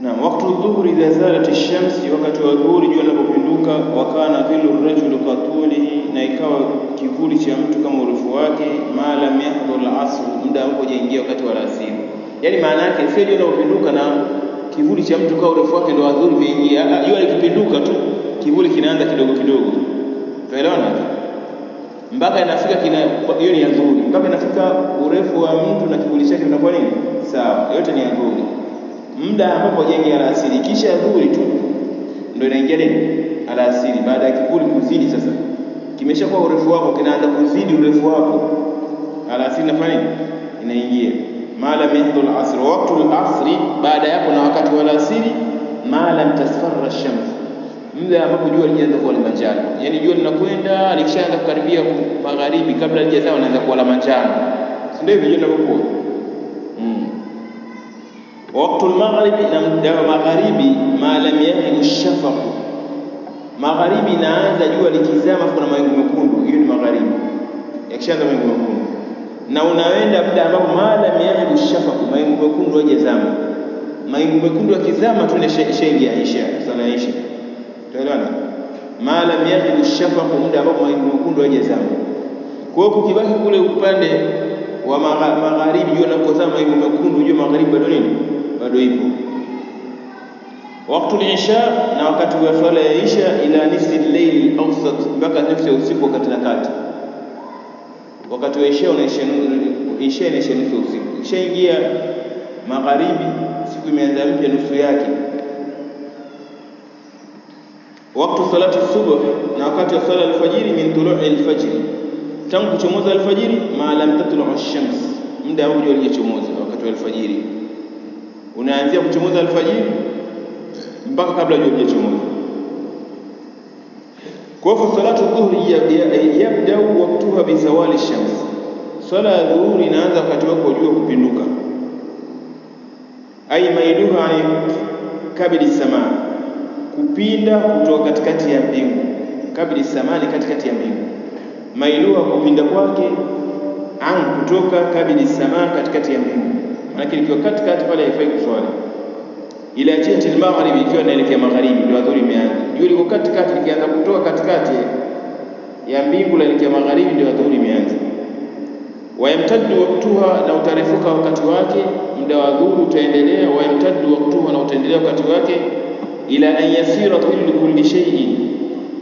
Na waktu dhuhuri idha zalat shamsi, wakati wa dhuhuri jua linapopinduka. Wakana dhilu rajuli katulihi, na ikawa kivuli cha mtu kama urefu wake. Ma lam yahdhur al-asr, muda ambapo jaingia wakati wa alasiri. Yani maana yake sio jua linapopinduka na kivuli cha mtu kama urefu wake ndio adhuhuri imeingia. Ah, jua likipinduka tu kivuli kinaanza kidogo kidogo, tuelewana mpaka inafika kina hiyo ni adhuhuri, mpaka inafika urefu wa mtu na kivuli chake kinakuwa nini sawa, yote ni adhuhuri muda ambapo jenge alasiri, kisha dhuhuri tu ndio inaingia nini alasiri, baada ya kivuli kuzidi sasa, kimeshakuwa urefu wako kinaanza kuzidi urefu wako, alasiri nafanya nini, inaingia mala mihdul asr waqtu al-asri, baada yapo na wakati wa alasiri, mala mtasfarra shams muda ambapo jua linaanza kuwa la manjano, yani jua linakwenda likishaanza kukaribia magharibi, kabla lijazaa, anaanza kuwa la manjano, si ndio hivyo jua linapokuwa mm Waktu lmaghribi, na muda wa magharibi, ma lam yahibu magharibi inaanza jua likizama, kuna mawingu mekundu, hiyo ni magharibi. Yakishaanza mawingu mekundu, na unaenda muda ambapo ma lam yahibu mawingu mekundu hajazama. Mawingu mekundu yakizama tu ishaingia isha, sala isha, tuelewana. Ma lam yahibu muda ambapo mawingu mekundu hajazama. Kwa hiyo kukibaki kule upande wa magharibi, jua linapozama, mawingu mekundu, jua magharibi bado nini bado ipo waktu lisha, na wakati wa swala ya isha ila nisi al-layl awsat, mpaka nusu ya usiku wakati na kati. Wakati wa isha unaisha isha inaisha nusu usiku, ishaingia magharibi, siku imeanza mpya nusu yake. Waktu salati subuh na wakati wa swala alfajiri, min tului alfajiri, tangu kuchomoza alfajiri, ma lam tatlu ash-shams, muda jua lijachomoza wakati wa alfajiri unaanzia kuchomoza alfajiri mpaka kabla jua halijachomoza. Kwa hivyo salatu dhuhri yabdau waktuha bizawali shamsi, swala ya dhuhuri inaanza wakati wake jua kupinduka. Ai mailuha ani kabili samaa, kupinda kutoka katikati ya mbingu. Kabili samaa ni katikati ya mbingu, mailuha kupinda kwake, an kutoka, kabili samaa katikati ya mbingu lakini ikiwa katikati pale haifai kuswali. Ila jihati al-maghribi, ikiwa inaelekea magharibi ndio adhuhuri imeanza. Jua liko katikati, likianza kutoka katikati ya mbingu laelekea magharibi ndio adhuhuri imeanza. Wayamtaddu waktuha, na utarefuka wakati wake. Muda wa dhuhuri utaendelea. Wayamtaddu waktuha, na utaendelea wakati wake ila an yasira dhillu kulli shay'in,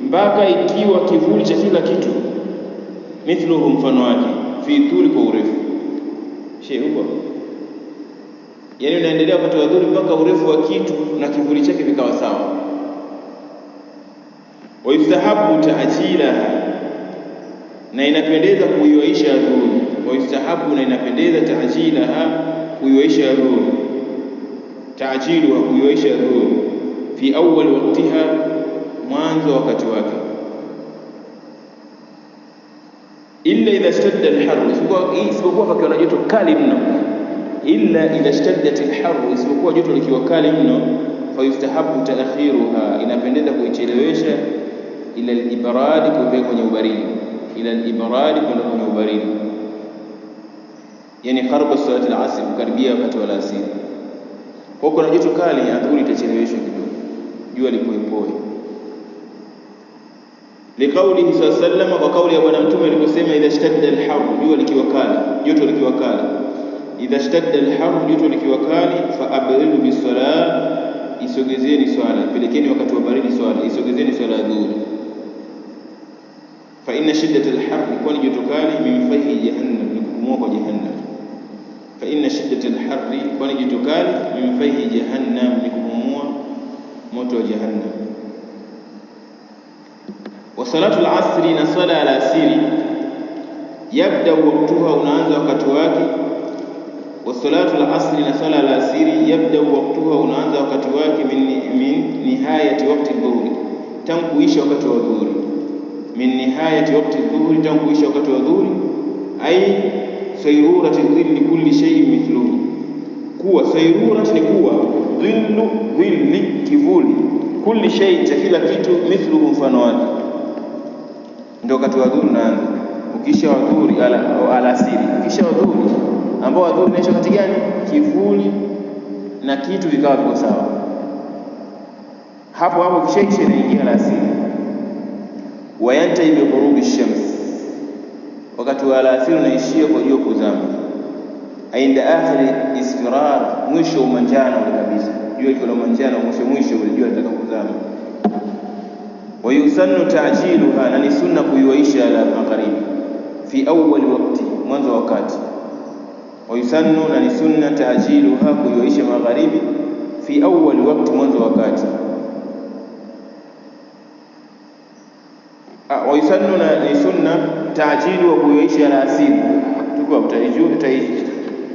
mpaka ikiwa kivuli cha kila kitu. Mithluhu, mfano wake, fi tuli, kwa urefu. Sheikh huko yaani unaendelea kutoa dhuri mpaka urefu wa kitu na kivuli chake vikawa sawa. Wa yustahabu taajilaha, na inapendeza kuiwaisha dhuhuri. Wa na inapendeza taajilaha, kuiwaisha dhuhuri, taajiluha, kuiwaisha dhuhuri, fi awwal waqtiha, mwanzo wakati wake illa idha stadda alharru, isipokuwa pakiwa na joto kali mno illa idha shtaddat alharru, isipokuwa joto likiwa kali mno. Fayustahabu taakhiruha, inapendeza kuichelewesha. Ila alibradi, kupea kwenye ubaridi. Ila alibradi, kwenda kwenye ubaridi, yani karibu salat alasr, kukaribia wakati wa alasiri. Kwa kuna joto kali, adhuhuri itacheleweshwa kidogo, jua lipoepoe. Liqaulihi sallallahu alayhi wasallam, kwa kauli ya Bwana Mtume aliposema, idha shtadda alharru, jua likiwa kali, joto likiwa kali idha shtadda alharu, joto likiwa kali, fa abridu bisala, isogezeni swala, pelekeni wakati wa baridi swala, isogezeni swala ya dhuhuri. Fa inna shiddata alharri, kwani joto kali, min fayhi jahannam, ni kupumua kwa jahannam. Fa inna shiddata alharri, kwani joto kali, min fayhi jahannam, ni kupumua moto wa jahannam. Wa salatu alasri, na swala alasiri, yabda waktuha, unaanza wakati wake wa salatu na sala la asiri yabda waqtuha, unaanza wakati wake min, min nihayati waqti dhuhri, tangu kuisha wakati wa dhuhuri. Min nihayati waqti dhuhri, tangu kuisha wakati wa dhuhuri. Ai sayrurati dhilli kulli shay'in mithluhu, kuwa sayrurati ni kuwa dhillu dhilli kivuli, kulli cha kila kitu, mithluhu mfano wake. Ndio wakati wa dhuhuri unaanza, ukisha wadhuri ala, ala asiri, ukisha wadhuri ambao adhuhuri inaisha wakati gani? Kivuli na kitu vikawa viko sawa, hapo hapo kishaisha inaingia alasiri. Wayantai bighurubi shams, wakati wa alasiri unaishia kwa jua kuzama. Ainda akhiri isfirar, mwisho umanjano kabisa, jua liko la manjano mwisho mwisho, ule jua litaka kuzama. Wa yusannu ta'jiluha, na ni sunna kuiwaisha ala magharibi fi awwal waqti, mwanzo wakati wayusannu na ni sunna taajiluha, kuiyoisha magharibi, fi awwali wakati, mwanzo wakati. Wayusannu na ni sunna taajilu wa kuiyoisha alasiri,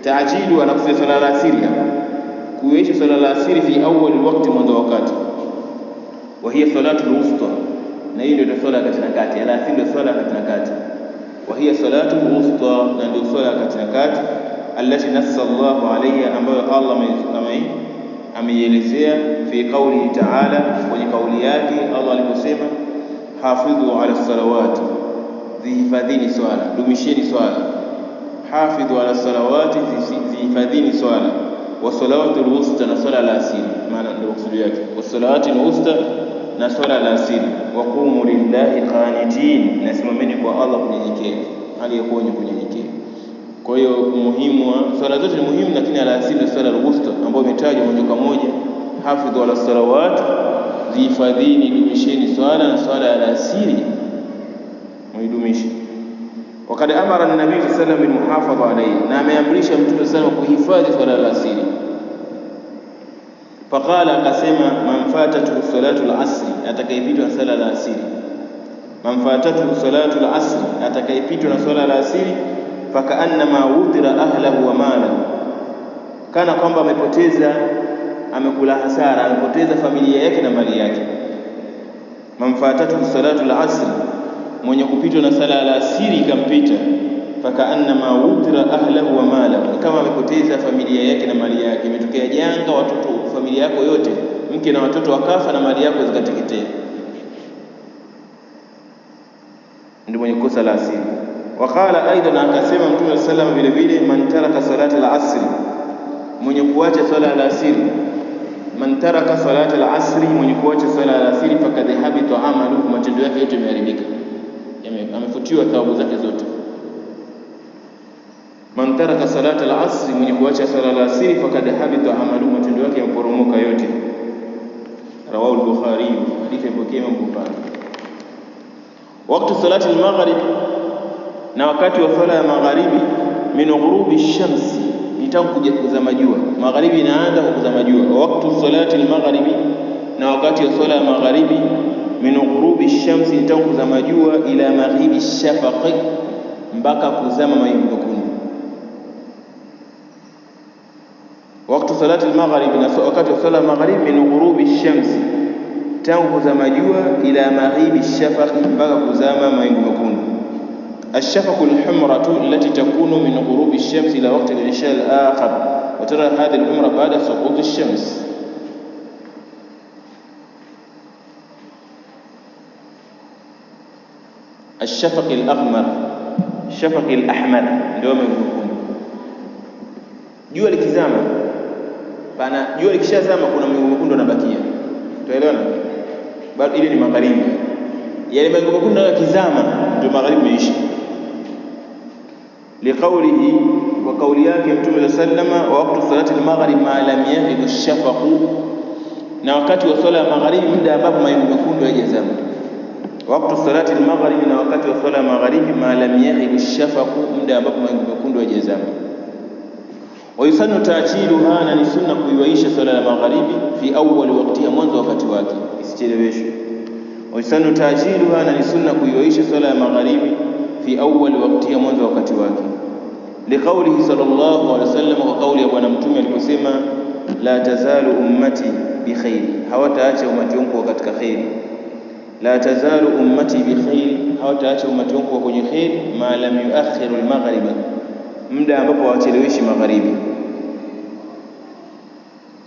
taajilu anakusudia swala la asiri, kuiyoisha swala la asiri fi awwali wakati, mwanzo wakati. Wa hiya salatu wusta, na hii ndio swala ya kati na kati. Alasiri ndio swala ya kati na kati. Wa hiya salatul wusta, na ndio swala kati na kati التي نص الله عليها ambayo Allah ameielezea fi qawlihi ta'ala kwenye kauli yake Allah aliposema hafidhu ala salawati zihifadhini swala dumisheni swala hafidhu ala salawati zihifadhini swala wa salawati alwusta na swala la asili maana ndio maksudi yake wa salawati alwusta na swala la asili wa qumu lillahi qanitin nasimameni kwa Allah kunyenyekea hali ya kuwa kunyenyekea Kwa hiyo umuhimu wa swala zote ni muhimu, lakini alasiri ni swala alwusta ambayo imetajwa moja kwa moja, hafidhu ala salawat, zihifadhini, dumisheni swala na swala ya alasiri muidumishe. Wakad amara an-nabii sallallahu alayhi wasallam bil muhafadha alayhi, na ameamrisha mtume sana kuhifadhi swala alasiri. Faqala, akasema manfatatu salatu al atakayepitwa na swala alasiri, manfatatu salatu al atakayepitwa na swala alasiri fakaannama wutira ahlahu wa malahu, kana kwamba amepoteza, amekula hasara, amepoteza familia yake na mali yake. Mamfatatuhu salatu lasri, mwenye kupitwa na sala asiri ikampita. Fakaannama wutira ahlahu wa malahu, kama amepoteza familia yake na mali yake. Imetokea janga, watoto, familia yako yote, mke na watoto wakafa, na mali yako zikateketea, ndio mwenye kosa la asiri Waqala aidan, akasema Mtume wa sallam vile vile, man taraka salata al-asri, mwenye kuacha sala al-asri. Man taraka salata al-asri, mwenye kuacha sala al-asri, fakad habita amaluhu, matendo yake yote yameharibika, amefutiwa thawabu zake zote. Man taraka salata al-asri, mwenye kuacha sala al-asri, fakad habita amaluhu, matendo yake yameporomoka yote. Rawahu al-Bukhari, hadithi ya Bukhari. salati al-maghrib na wakati wa sala ya magharibi, min ghurubi shamsi, ni tangu kuja kuzama jua. Magharibi inaanza kwa kuzama jua. Wa waktu salati almaghribi, na wakati wa sala ya magharibi, min ghurubi shamsi, ni tangu kuzama jua, ila maghribi shafaqi, mpaka kuzama mawingu mekundu. Waktu salati almaghribi, na wakati wa sala ya magharibi, min ghurubi shamsi, tangu kuzama jua, ila maghribi shafaqi, mpaka kuzama mawingu mekundu. الشفق الحمرة التي تكون من غروب الشمس إلى وقت العشاء الآخر وترى هذه الحمرة بعد سقوط الشمس الشفق الأغمر الشفق الأحمر دوما يقولون جوا الكزامة فأنا جوا الكشازامة كنا يقولون دونا بكية تعلمون بعد إلى المغرب يعني ما يقولون كزامة دو المغرب ما يشي liqaulihi, kwa kauli yake Mtume sallama, wa waqtu salati almaghrib ma lam yahidu shafaqu, na wakati wa swala ya magharibi muda ambapo mawingu mekundu hayajazama. Waqtu salati almaghrib, na wakati wa swala ya magharibi ma lam yahidu shafaqu, muda ambapo mawingu mekundu hayajazama. Wa yusannu na ni sunna kuiwaisha swala ya magharibi fi awwal waqtiha, mwanzo wakati wake isicheleweshwe. Wa yusannu na ni sunna kuiwaisha swala ya magharibi fi awwal mwanzo wakati wake liqaulihi sallallahu alaihi wasallam, kwa kauli ya Bwana Mtume aliposema la tazalu ummati bikhairi, hawataacha umati wangu katika khair. La tazalu ummati bikhairi, hawataacha umati wangu kwenye kheri. Ma lam yuakhiru almaghriba, muda ambapo hawacheleweshi magharibi.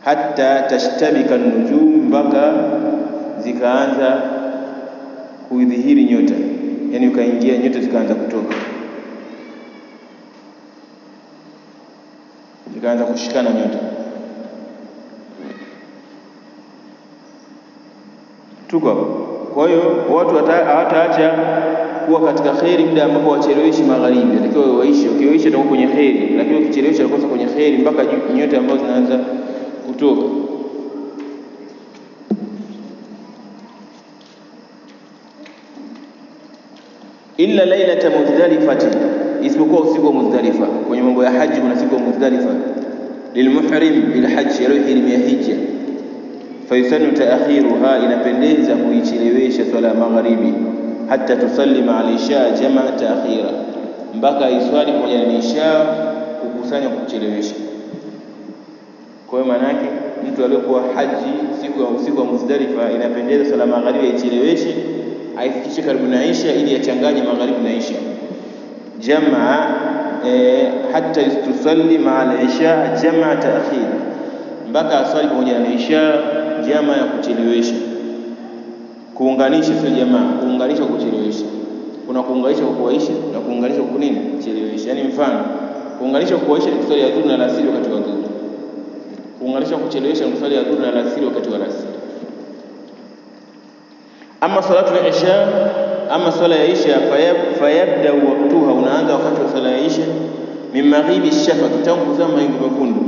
Hatta tashtabika nujum, mpaka zikaanza kuidhihiri nyota, yani ukaingia nyota zikaanza kutoka ikaanza kushikana nyota. Tuko hapo. Kwa hiyo watu hawataacha kuwa katika kheri muda ambapo wacheleweshi magharibi, atakiwa waishi. Ukiwaisha utakuwa kwenye kheri, lakini ukichelewesha utakosa kwenye kheri mpaka nyota ambazo zinaanza kutoka. illa lailata muzdalifati isipokuwa usiku wa Muzdalifa. Kwenye mambo ya haji kuna siku ya Muzdalifa, lilmuhrim bil haji, yaliyohirimia hija. Fayusanu taakhiruha, inapendeza kuichelewesha swala ya magharibi, hata tusallima alisha jamaa taakhira, mpaka iswali pamoja na isha, kukusanya kuchelewesha. Kwa hiyo maana yake mtu aliyokuwa haji siku ya usiku wa Muzdalifa, inapendeza swala magharibi aicheleweshe, aifikishe karibu na isha, ili achanganye magharibi na isha jamaa e, eh, hata tusalli maa al-isha jamaa ta'khir, mpaka aswali pamoja na isha jamaa ya kuchelewesha, kuunganisha, sio jamaa, kuunganisha kuchelewesha. Kuna kuunganisha kwa kuwaisha na kuunganisha kwa nini kuchelewesha. Yani mfano kuunganisha kwa kuwaisha ni kusali adhuhuri na alasiri wakati wa dhuhuri, kuunganisha kwa kuchelewesha ni kusali adhuhuri na alasiri wakati wa alasiri. Ama salatu ya isha ama swala ya isha fayabda waktuha, unaanza wakati wa swala ya isha min maghribi shafaq, tangu kuzama mawingu mekundu,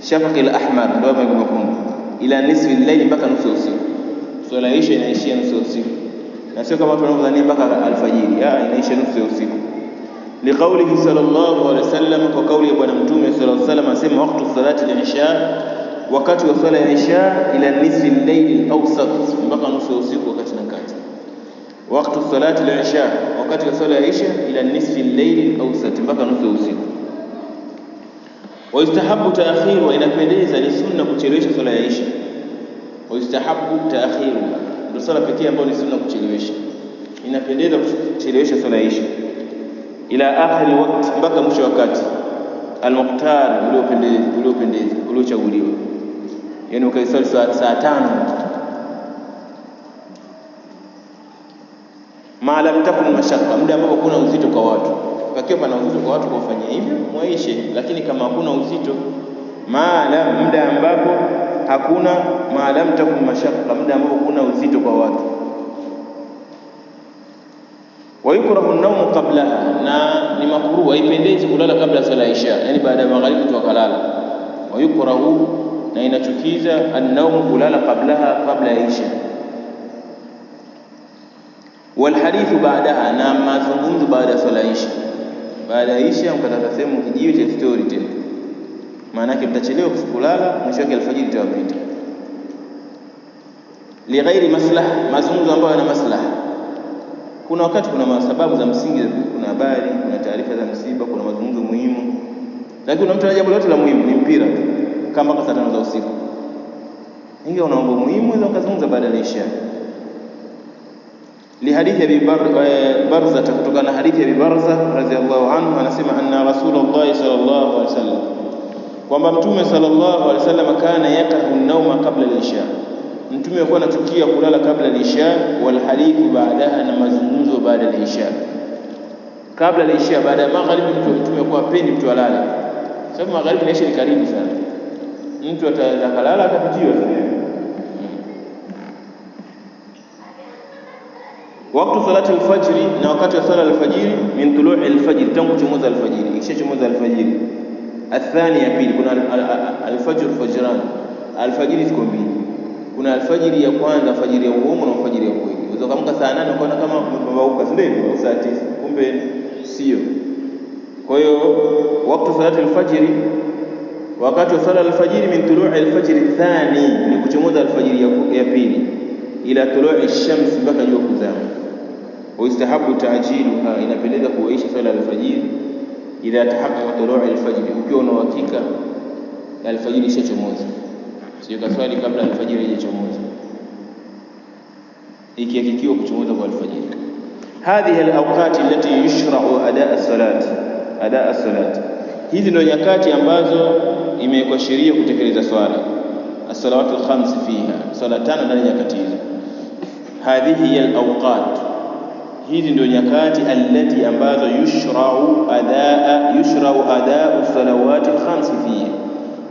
shafaq al ahmar, ndio mawingu mekundu, ila nisfi al-layl, mpaka nusu usiku. Swala ya isha inaishia nusu usiku, na sio kama watu wanavyodhania mpaka alfajiri. Ah, inaishia nusu ya usiku, liqaulihi sallallahu alaihi wasallam, kwa kauli ya Bwana Mtume sallallahu alaihi wasallam asema, waqtu salati al-isha, wakati wa swala ya isha, ila nisfi al-layl al-awsat, mpaka nusu usiku wakati waqtu salati al wakati wa sala ya isha, ila nisfi al-layl mpaka nusu ya usiku. Wayustahabu taakhiru, inapendeza ni sunna kuchelewesha sala ya isha. Wayustahabu taakhiru, ndio sala pekee ambayo ni sunna kuchelewesha. Inapendeza kuchelewesha sala ya isha ila akhiri wakti mpaka mwisho wakati almuktar uliopendeza uliochaguliwa, yani ukaisali saa tano alam takum mashaka, muda ambapo kuna uzito kwa watu. Pakiwa pana uzito kwa watu, kufanya hivyo mwaishe, lakini kama hakuna uzito maala, muda ambapo hakuna maalam takum mashaka, muda ambapo kuna uzito kwa watu. Wa yukrahu naumu qablaha, na ni makruh, haipendezi kulala kabla sala isha, yani baada ya magharibi tu wakalala. Wa yukrahu, na inachukiza annaumu kulala qablaha, kabla ya isha walhadithu baadaha, na mazungumzo baada ya swala isha. Baada ya isha mkataka sehemu kijiwe cha story tena, maana yake mtachelewa kulala, mwisho wake alfajiri itawapita. Lighairi maslaha, mazungumzo ambayo yana maslaha. Kuna wakati kuna sababu za msingi, kuna habari, kuna taarifa za msiba, kuna mazungumzo muhimu, lakini kuna mtu ana jambo lolote la muhimu, ni mpira kama mpaka saa tano za usiku, ingawa una mambo muhimu, unaweza kuzungumza baada ya isha lihadithi Abi Barza, eh, kutokana na hadithi ya Abi Barza radhiallahu anhu, anasema anna Rasulullah sallallahu alaihi wasallam, kwamba mtume sallallahu alaihi wasallam kana yakahu nauma qabla al-isha, mtume alikuwa anachukia kulala kabla al-isha, wal hadithu baadaha, na mazungumzo baada al-isha, kabla al-isha, baada ya magharibi. Mtume alikuwa apendi mtu alale, sababu magharibi na isha ni karibu sana, mtu atakalala akapitiwa Wakati salati alfajiri, na wakati wa sala alfajiri, min tuluu alfajiri, tangu chomoza alfajiri, ikisha chomoza alfajiri. Athani ya pili, kuna alfajr fajran, alfajiri ziko mbili, kuna alfajiri ya kwanza, alfajiri ya uongo na alfajiri ya kweli. Unaweza kuamka saa nane ukaona kama umepambauka, si ndio? Au saa tisa, kumbe sio. Kwa hiyo wakati salati alfajiri, wakati wa sala alfajiri, min tuluu alfajiri thani, ni kuchomoza alfajiri ya pili, ila tuluu shamsi, mpaka jua kuzama waistahabu taajiluha, inapendeza kuwaisha sala alfajiri idha tahaqaqa tuluu alfajri ukiwa una uhakika alfajiri ishachomoza. Sio kaswali kabla alfajiri haijachomoza, ikihakikiwa kuchomoza kwa alfajiri. Hadhihi alawqati allati yushrau adaa salati, adaa salati, hizi ndio nyakati ambazo imewekwa sheria kutekeleza swala as-salawatu al-khams fiha, swala tano ndani ya nyakati hizo. Hadhihi alawqat Hizi ndio nyakati allati ambazo yushrau adaa yushrau adau salawati lkhamsi fihi,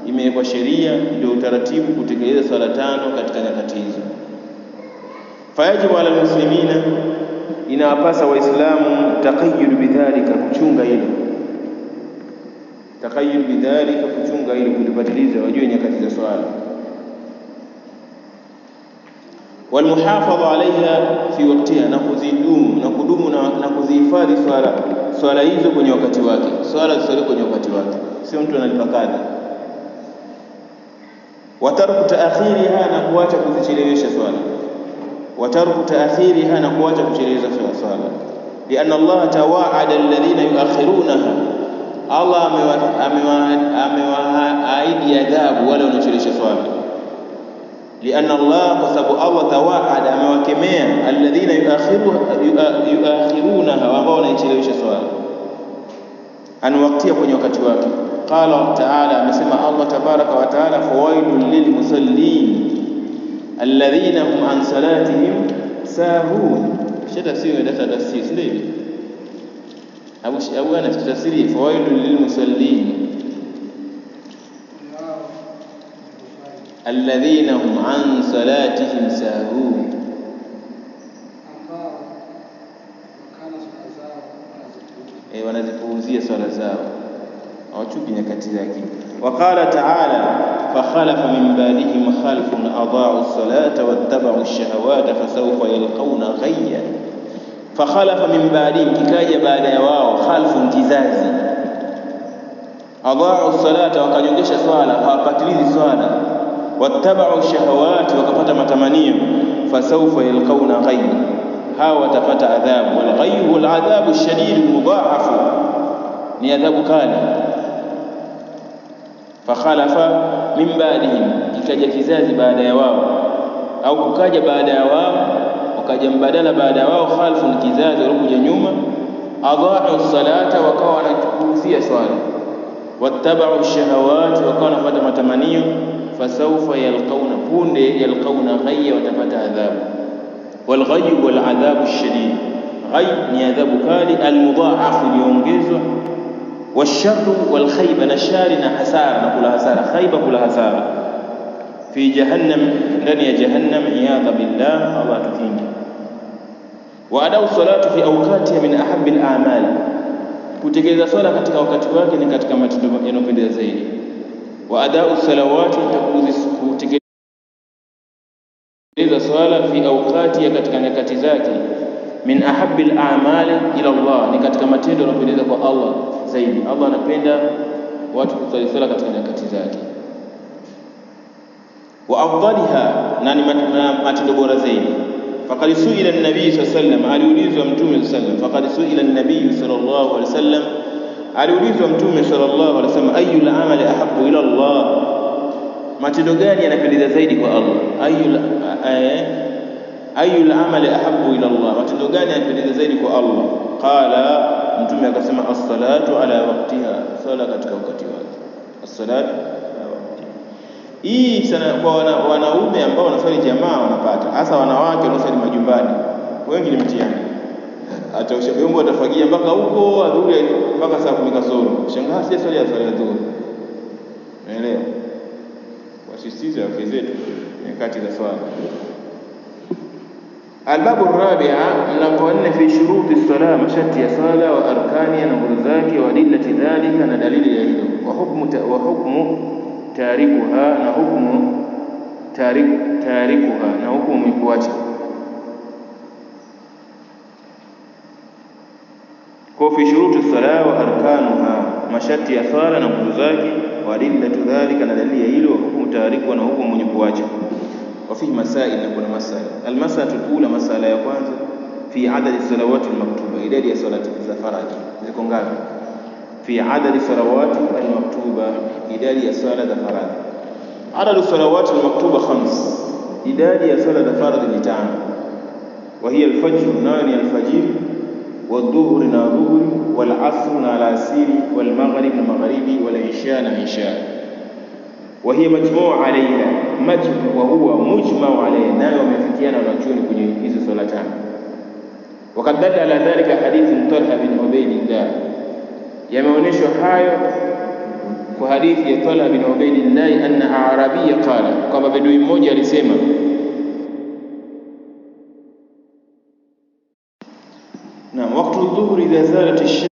imewekwa sheria ndio utaratibu kutekeleza swala tano katika nyakati hizo. Fayajibu ala lmuslimina, inawapasa Waislamu taqayyud bidhalika, kuchunga hilo taqayyud bidhalika, kuchunga hilo, kulipatiliza, wajue nyakati za swala walmuhafadha alaiha fi waqtiha, na kuzidumu na kudumu na kuzihifadhi swala swala hizo kwenye wakati wake, swala zisali kwenye wakati wake, sio mtu analipakadha Watarku taakhiriha, na kuacha kuzichelewesha swala. Watarku taakhiriha, na kuacha kuchelewesha swala. Lianna Allah tawaada alladhina yuakhirunaha, Allah amewaahidi adhabu wale wanaochelewesha swala لأن الله قصب أو توعد أما وكميا الذين يؤخرونها يؤخرونها وغونا يتلوش سؤال أن وقتي يكون يكتواك قال تعالى مسمى الله تبارك وتعالى فويل للمصلين الذين هم عن صلاتهم ساهون شد سيو يدفع تفسير أبو أنا تفسيري فويل للمصلين الذين هم عن صلاتهم ساهون E, wanazipuuzia swala zao hawachuki nyakati zake. Waqala taala fakhalafa min badihim khalfun adaau salata wattabau shahawata fasawfa yalqauna ghayya. Fakhalafa min badihim, kikaja baada ya wao, khalfun, kizazi, adaau salata, wakajongesha swala, hawapatilizi swala واتبعوا الشهوات وكفت متمنيا فسوف يلقون غي ها وتفت عذاب والغي هو العذاب الشديد المضاعف لعذاب كان فخلف من بعدهم كجا كزازي بعد يواو أو كجا بعد يواو وكجا مبدل بعد يواو خلف كزازي رب جنيوم أضاعوا الصلاة وكوانا كوزي سؤال واتبعوا الشهوات وكوانا فتما تمانيهم fasawfa yalqauna, punde yalqauna ghayya, watapata adhabu. Walghayyu wal adhabu shadid, ghay ni adhabu kali, almudhaafu, iliyoongezwa. Washarru wal khayba, na shari na hasara, na kula hasara, khayba kula hasara. Fi jahannam, ndani ya jahannam, iyadha billah, Allah tukinge. Wa adau salatu fi awqatiha min ahabbi al a'mal, kutekeleza swala katika wakati wake ni katika matendo yanayopendeza zaidi. wa adau salawati, kutekeleza swala fi awqati, katika nyakati zake. Min ahabbi al-a'mali ila Allah, ni katika matendo yanayopendeza kwa Allah zaidi. Allah anapenda watu kusali sala katika nyakati zake. Wa afdaliha, na ni matendo bora zaidi Faqad suila nabii sallallahu alayhi wasallam, aliulizwa Mtume sallallahu alayhi wasallam. Faqad suila nabii sallallahu alayhi wasallam Aliulizwa Mtume sallallahu alaihi wasallam, ayul amali ahabbu ila Allah, matendo gani yanapendeza zaidi kwa Allah? Ayul eh, ayul amali ahabbu ila Allah, matendo gani yanapendeza zaidi kwa Allah? Qala, Mtume akasema, as-salatu ala waqtiha, sala katika wakati wake. As-salatu ala waqtiha, hii sana kwa wanaume ambao wanaswali jamaa wanapata, hasa wanawake wanaoswali majumbani, wengi ni mtihani ataosha vyombo atafagia mpaka huko adhuri mpaka saa kumi kasoro, shangaa si swali ya swali ya dhuhuri. Umeelewa? Wasisitize afya zetu nyakati za swala. Albabu rabia, mlango wa nne, fi shuruti sala, masharti ya sala wa arkani na nguzo zake, wa adillati dhalika, na dalili ya hilo, wa hukmu tarikuha, na hukmu tarikuha, na hukmu kuacha Kwa fi shuruti sala wa arkanuha, masharti ya sala na nguzo zake, wadillatu dhalika, na dalili ya hilo hukumu taariku na hukumu mwenye kuacha. Wa fihi masail, na kuna masail. Almasalatu alula, masala ya kwanza, fi adadi salawati almaktuba, idadi ya salati za faradhi ziko ngapi? Fi adadi salawati almaktuba, idadi ya sala za faradhi. Adadu salawati almaktuba khams, idadi ya sala za faradhi ni tano. Wa hiya alfajr, nayo ni wadhuhuri na dhuhuri, walasri na alasiri, walmaghrib na magharibi, walisha na isha. Wahiya majmuu alaiha wa huwa mujmau alaiha, nayo wamefikiana wanachuoni kwenye hizo swala tano. Wakad dalla ala dhalika hadithi Talha bin Ubaidillah, yameonyeshwa hayo kwa hadithi ya Talha bin Ubaidillah, anna arabia qala, kwamba bedui mmoja alisema دستور إزالة الشرك